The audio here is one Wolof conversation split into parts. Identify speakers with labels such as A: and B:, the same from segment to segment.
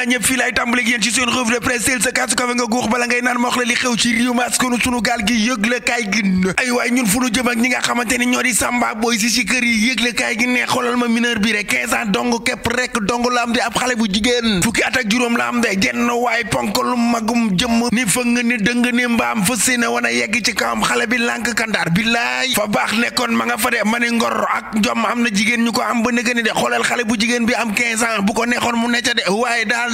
A: ñaa ñëpp fii laay tàmbali yéen ci seen revue de presse sa kaasu kafe nga guux bala ngay naan ma wax la li xew ci réew mi askanu sunu gaal gi yëgle kaay gi ay waay ñun fu nu jëm ak ñi nga xamante ñoo di samba si si kër yi yëgle kaay gi ne xoolal ma mineur bi rek 15 dong képp rek dong la am di ab xale bu jigéen fukki at ak juróom la am de jenn waay ponk lu magum jëmm ni fa nga ni dëng ni mbaam fa ne wan yegg ci kawam xale bi lànk kandaar bi laay fa baax nekkoon ma nga fa ma ngor ak jom am na jigéen ñu ko am ba nekk ni de xoolal xale bu jigéen bi am 15 ans bu ko neexoon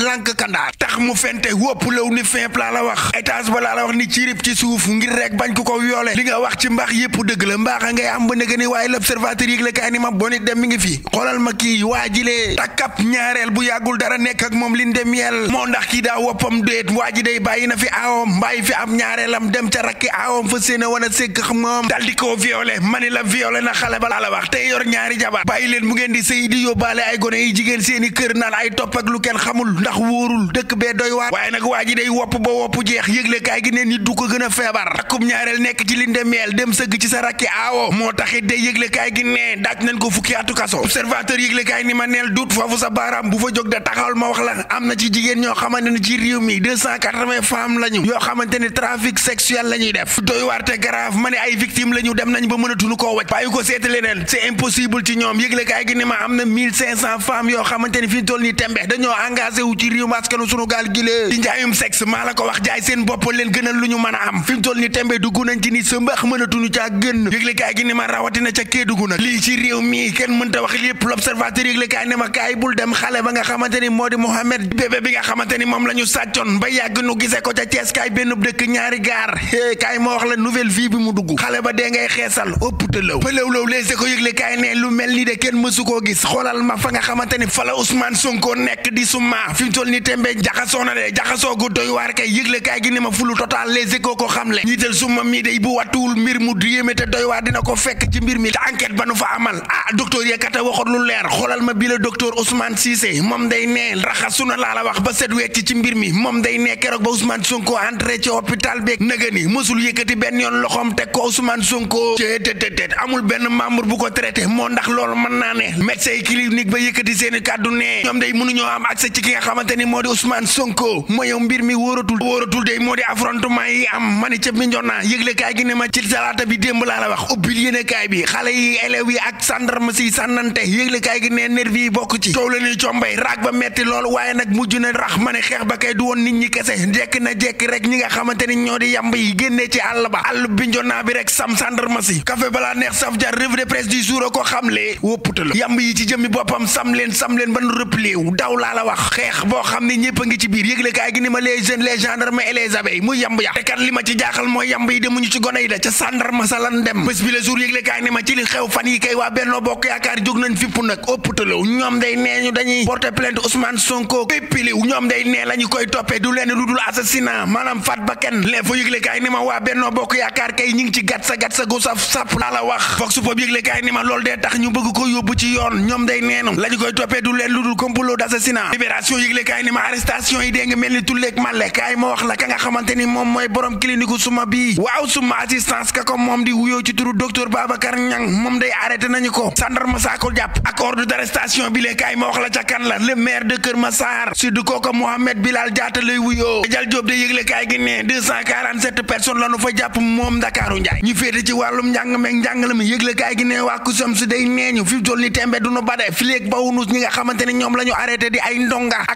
A: lànk kandaar tax mu fente wopp la ni fin plat la wax étage ba la wax ni ci rib ci suuf ngir rek bañ ko ko yoole li nga wax ci mbaax yépp dëgg la mbaax a ngay am ba nekk ni waaye l'observateur yëgle kaay ni ma bonit dem mi ngi fi xoolal ma kii waa jilee takkap ñaareel bu yàggul dara nekk ak moom lin dem yel moo ndax kii daa woppam déet waa ji day bàyyi na fi aawam bàyyi fi am ñaareelam dem ca rakki aawam fa séen a wan a sëkk moom dal di koo violé mani la violé na xale ba la wax tey yor ñaari jabar bàyyi leen bu ngeen di sëy di yóbbaale ay gone yi jigéen seeni kër naan ay topp lu kenn xamul ndax wóorul dëkk bee doy waaye nag waa ji day wopp ba wopp jeex yëgle kaay gi ne nit du ko gën feebar takkum ñaareel nekk ci linde meel dem sëgg ci sa rakki aawo moo taxit day yëgle kaay gi ne ma da ne ay victime lañu dem nañ ba mënatuñu koo waj bàyyi ko seeta leneen c'est impossible ci ñoom yëgle kaay gi ne ma am na mille yoo xamante ne toll nii tembe dañoo engagé ci réew mi askanu sunu gaal gilee di njaayum sexe maa la ko wax jaay seen bopp leen gënal lu ñu man a am fi mu toll ni tembe dugg nañ ci ni sa mbax mënatuñu caa génn yëglekaay gi ni ma rawatina ca Kédougou nag lii mi kenn mënta wax lépp l'observateur yëglekaay ne ma kaay bul dem xale ba nga xamante ni moo di Mohamed bi nga xamante ni moom la ñu sàccoon ba yàgg nu gisee ko ca Thiès kaay benn dëkk ñaari gaar kaay ma wax la nouvelle vie bi mu dugg xale ba dee ngay xeesal ëpp te lëw pëlëwlëw leese ko yëglekaay ne lu mel nii de kenn mësu koo gis xoolal ma fa nga xamante ni fa la Ousmane Sonko nekk di suma fiñ toll ni tembe jaxasoo na de jaxasoo ko doy waar kay yëgle kaay gi ne ma fulu total les échos ko xamle njiital suma mii day bu wattuwul mbir mu yéeme te doy dina ko fekk ci mbir mi te enquête ba nu fa amal ah docteur yekkate waxoon leer xoolal ma bi la docteur Ousmane Cissé moom day nee raxasu na laa la wax ba set wecc ci mbir mi moom day nee keroog ba Ousmane Sonko entré ci hôpital beeg nëga ni mësul yëkkati benn yoon loxoom te ko Ousmane Sonko cee tëtëtët amul benn membre bu ko traité moo ndax loolu mën naa ne médecin clinique ba yëkkati seeni kàddu ne ñoom day mënuñoo am accès ci ki xamante ni moo di Ousmane Sonko mooy yow mbir mi wóoratul wóoratul de moo di affrontement yi am mani ca mi njoon naa yëgle kaay gi ne ma ci talaata bi démb laa la wax ubbil yéene kaay bi xale yi élèves yi ak sandarma si sànnante yëgle kaay gi ne nervi yi bokk ci coow la ni combay raag ba metti loolu waaye nag mujj na rax ma ne xeex ba kay du woon nit ñi kese jekk na jekk rek ñi nga xamante ni ñoo di yamb yi génnee ci àll ba àll bi njoon bi rek sam sandarma kafe café balaa neex saf jar revue de presse du jour ko xamle la yamb yi ci jëmmi boppam sam leen sam leen ban replié wu daw laa la wax xeex boo xam ni ñëpp a ngi ci biir yëgle kaay gi ni ma les jeunes les gendarmes et les abeilles muy yamb ya te kat li ma ci jaaxal mooy yamb yi gone yi da ca sandarma sa lan dem bés bi ni ma ci li xew fan yi kay waa Benno Bokk Yaakaar jóg nañ fipp nag ëpptalaw ñoom day nee ñu dañuy porter plainte Ousmane Sonko képpiliw day nee la ñu koy toppee du leen lu dul assassinat maanaam faat ba kenn leen fa yëgle kaay ni ma waa Benno Bokk Yaakaar kay ñi ngi ci gat sa gat sa gu saf sàpp laa la wax vox pop ni ma loolu dee tax ñu bëgg ko yóbbu ci yoon ñoom day neenu la ñu koy toppee du leen lu dul complot d'assassinat yëgle kaay ni ma arrestation yi dee nga mel ni tulleeg màlle kaay ma wax la ka nga xamante moom mooy borom clinique suma bii waaw suma assistance ka ko moom di wuyoo ci turu docteur Babacar Niang moom day arrêté nañu ko sandarma saako jàpp ak ordre d'arrestation bi lee kaay ma wax la ca kan la le maire de Kër Massar sud kooka Mohamed Bilal Diatta lay wuyoo Jal de yëgle kaay gi ne 247 personnes fa jàpp moom Ndakaaru Njaay ñu féete ci wàllum njàng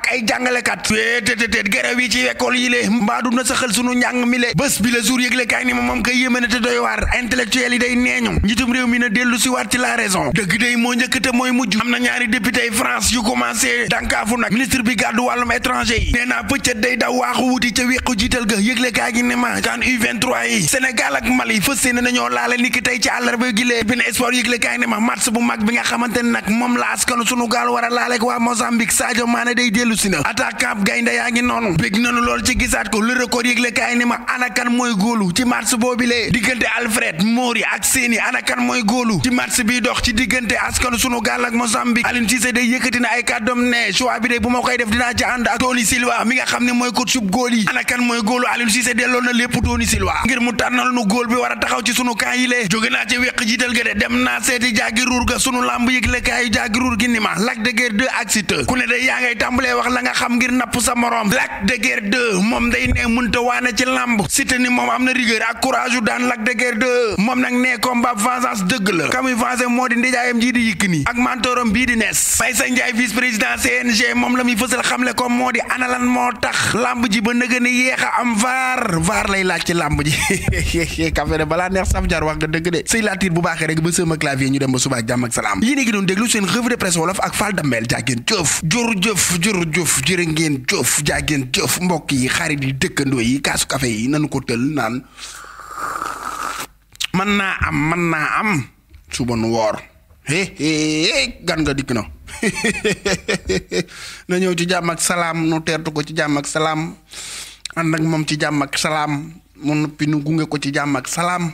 A: ak ay jàngalekat téetéetéet gerew yi ci école yi lée mbaa na saxal sunu njàng mi le bés bi la jour yëglekaay ni ma moom kay yémane te doy waar intellectuel yi day neeñu njitum réew mi na dellu si waat ci la raison dëgg day moo njëkk te mooy mujj am na ñaari député yi France yu commencé dànkaafu nag ministre bi gàddu wàllum étranger yi nee naa day daw waaxu wuti ca wéqu jiital ga yëglekaay gi ne ma kan u yi Sénégal ak Mali fës see ne ne espoir a dellu si na attaquant gaynde yaa ngi noonu bég nanu lool ci gisaat ko le record kaay ni ma anakan mooy góolu ci match boobilee diggante Alfred Mori ak Seny anakan mooy góolu ci match bi dox ci diggante askan sunu gaal ak Mozambique Aliou Cissé day yëkkati ay kàddoom ne choix ak Tony Silva mi nga xam na lépp Tony Silva ngir mu tànnal nu góol bi war a taxaw ci sunu kaa yi jóge naa ci weq jiital ga de dem naa seeti jaggi ga sunu lamb yëgle kaay wax la nga xam ngir napp sa morom Lac de Guiers moom day ne munta waane ci lamb Siteu ni moom am na rigueur ak courage yu daan Lac de Guiers 2 moom nag nee combat vengeance dëgg la kamuy vencé moo di ndijaayam ji di Yékini moom la muy fësal xamle ko moo di ana moo tax lamb ji ba nëgën a am vaar lay laaj ci lamb ji café de balaa neex saf jaar wax nga dëgg de sëy laatir bu baaxee rek ba sama clavier ñu dem ba suba jàmm ak salaam yéen a ngi doon déglu seen revue Diouf jërë ngeen jëf jaa ngeen jëf mbokk yi xarit yi dëkkandoo yi kaasu kafe yi nanu ko tël naan mën naa am man naa am suba nu woor gan nga dikk na na ñëw ci jàmm ak salaam nu teertu ko ci jàmm ak salaam ànd ak moom ci jàmm ak salaam mu noppi nu gunge ko ci jàmm ak salaam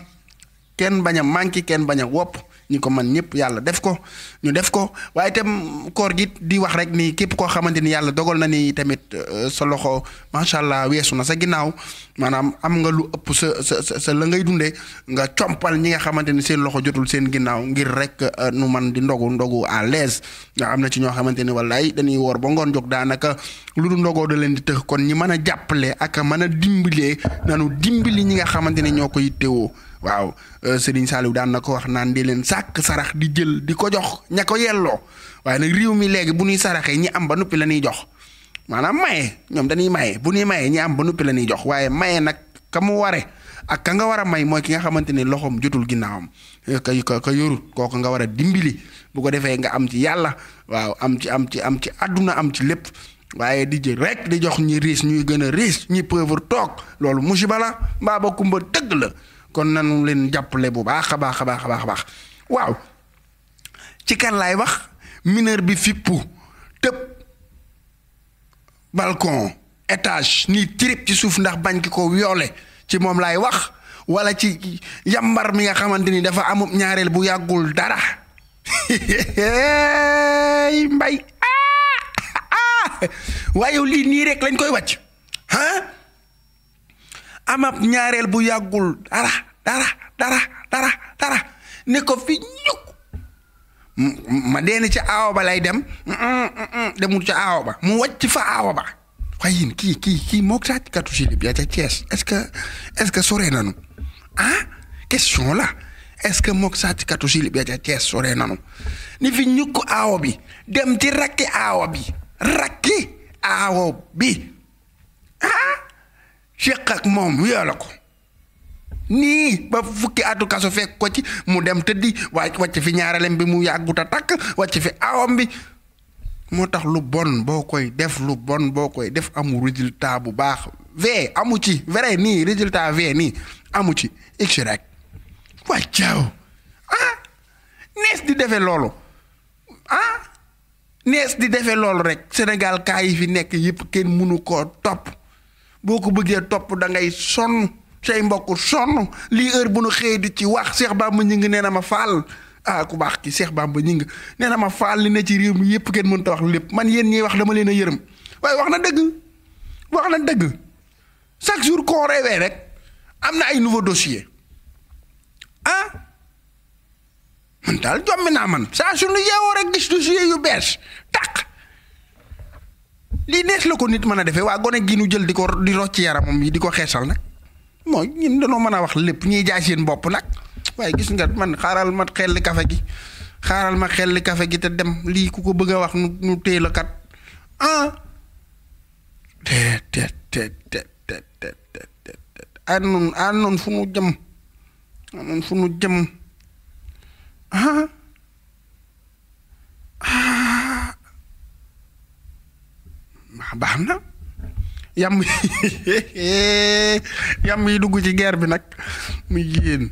A: kenn bañ a manqué kenn bañ wopp ñi ko man ñëpp yàlla def ko ñu def ko waaye itam koor gi di wax rek ni képp koo xamante ni yàlla dogal na nii tamit euh, sa loxo macha allah weesu na sa ginnaaw maanaam am nga lu ëpp sa sa sa sa la ngay dundee nga compal ñi nga xamante ni seen loxo jotul seen ginnaaw ngir rek euh, nu man di ndogu ndogu à l'aise nga am na ci ñoo xamante ni wallaay dañuy woor ba ngoon jóg daanaka lu du ndogo da leen di tëx kon ñi mën a jàppale ak mën a dimbalee nu dimbali ñi nga xamante ni ñoo ko yittewoo waaw euh, Serigne Saliou daan na ko wax naan di leen sàkk sarax di jël di ko jox ña ko yelloo waaye nag réew mi léegi bu ñuy saraxee ñi am ba noppi la ñuy jox maanaam maye ñoom dañuy maye bu ñuy maye ñi am ba noppi la ñuy jox waaye maye nag ka mu waree ak ka nga war a may mooy ki nga xamante ne loxoom jotul ginnaawam eh, kay ka ka yorut kooku nga war a dimbali bu ko defee nga am ci yàlla waaw am ci am ci am ci àdduna am ci lépp waaye di jël rek di jox ñi riis ñuy gën a riis ñi pauvre toog loolu musiba la mbaa ba kumba kon nanu leen jàppale bu baax a baax a baax a baax waaw ci kan laay wax mineur bi fippu tëb balkon étage nii trip ci suuf ndax bañ ki ko yoole ci moom laay wax wala ci yambar mi nga xamante ni dafa amub ñaareel bu yàggul dara mbay ah! Ah! waaye lii nii rek lañ koy wacc ah amab ñaareel bu yàggul dara dara dara dara dara ne ko fi ñuk ma deen ca aawa ba lay dem mm, mm, mm, demul ca aawa ba mu wàcc fa aawa ba waaye kii kii kii moog sàcckatu silib ya ca Thiès est-ce que est-ce que sore nanu ah question la est-ce que moog sàcckatu silib ya ca Thiès sore nanu ni fi ñukk aawa bi dem ti rakki aawa bi rakki aawa bi ah Cheikh moom wiyoo la ko nii ba fukki atu kaso fekk ko ci mu dem tëddi waaye wàcc fi ñaaralem bi mu yàggut a takk wàcc fi awam bi moo tax lu bon boo koy def lu bon boo koy def amu résultat bu baax ve amu ci vrai nii résultat ve nii amu ci x rek wàccaaw ah nees di defee loolu ah nees di defe loolu rek senegal kaa fi nekk yëpp kenn mënu koo topp boo ko bëggee topp da ngay sonn say mbokk sonn lii heure bu nu xëyee di ci wax Cheikh Bamba ñu ngi nee na ma faal ah ku baax ki Cheikh Bamba ñu ngi nee na ma faal li ne ci réew mi yëpp kenn mënta wax lépp man yéen ñiy wax dama leen a yërëm waaye wax na dëgg wax na dëgg chaque jour koo reewee rek am na ay nouveau dossier ah man daal jommi naa man saa suñu yeewoo rek gis dossier yu bees tàq lii nees la ko nit mën a defee waa gone gi nu jël di ko di yaram moom yi di ko xeesal nag. mooy ñun dañoo mën a wax lépp ñuy jaay seen bopp nag waaye gis nga man xaaral ma xelli kafe gi xaaral ma xelli kafe gi te dem lii ku ko bëgg a wax nu nu téel a kat ah fu nu jëm anoon fu nu jëm ah, ah! baax na yam yi dugg ci guerre bi nag mu jigéen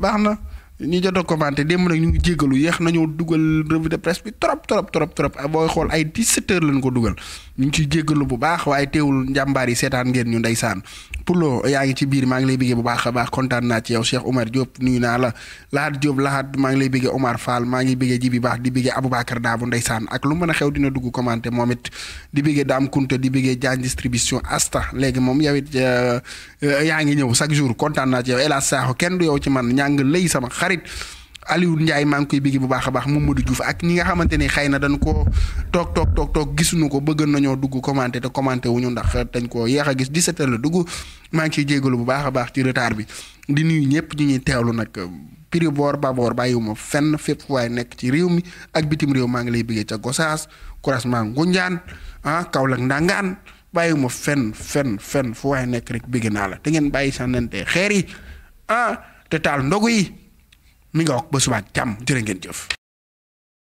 A: baax na ñu jot a commenté démb nag ñu ngi jéggalu yéex nañoo dugal revue de presse bi trop trop trop ah, booy xool ay 17 heures ko dugal ñu ngi ciy jégalu bu baax waaye teewul njàmbaar yi seetaan ngeen ñu ndeysaan Poulo yaa ngi ci biir maa ngi lay bëggee bu baax a baax kontaan naa ci yow Cheikh Omar Diop nuyu naa la Lahat Diop Lahat maa ngi lay bëggee Omar Fall maa ngi bëggee ji bi baax di bëggee Aboubacar Daabu ndeysaan ak lu mën a xew dina dugg commenté moom it di bëggee Dame Kunta di bëggee Diagne distribution Asta léegi moom yow it euh, euh, yaa ngi ñëw chaque jour kontaan naa ci yow El kenn du yow ci man ñaa ngi sama xarit Aliou Ndiaye maa ngi koy bégg bu baax a baax Mamadou Diouf ak ñi nga xamante ni xëy na dañ koo toog toog toog toog gisuñu ko bëgg nañoo dugg commenté te commenté wuñu ndax dañ koo yéex a gis 17h la dugg maa ngi ciy jégalu bu baax a baax ci retard bi di nuy ñëpp ñu ñuy teewlu nag prix boor baboor bàyyiwuma fenn fépp waaye nekk ci réew mi ak bitim réew maa ngi lay bëggee ca Gosaas Kurasmaan Ngunjaan ah Kaolack Ndangaan bàyyiwuma fenn fenn fenn fu waaye nekk rek bëgg naa la te ngeen bàyyi sànnante xeer yi ah te taal ndogu yi. mi nga wax ba subaak jàmm jërë ngeen jëf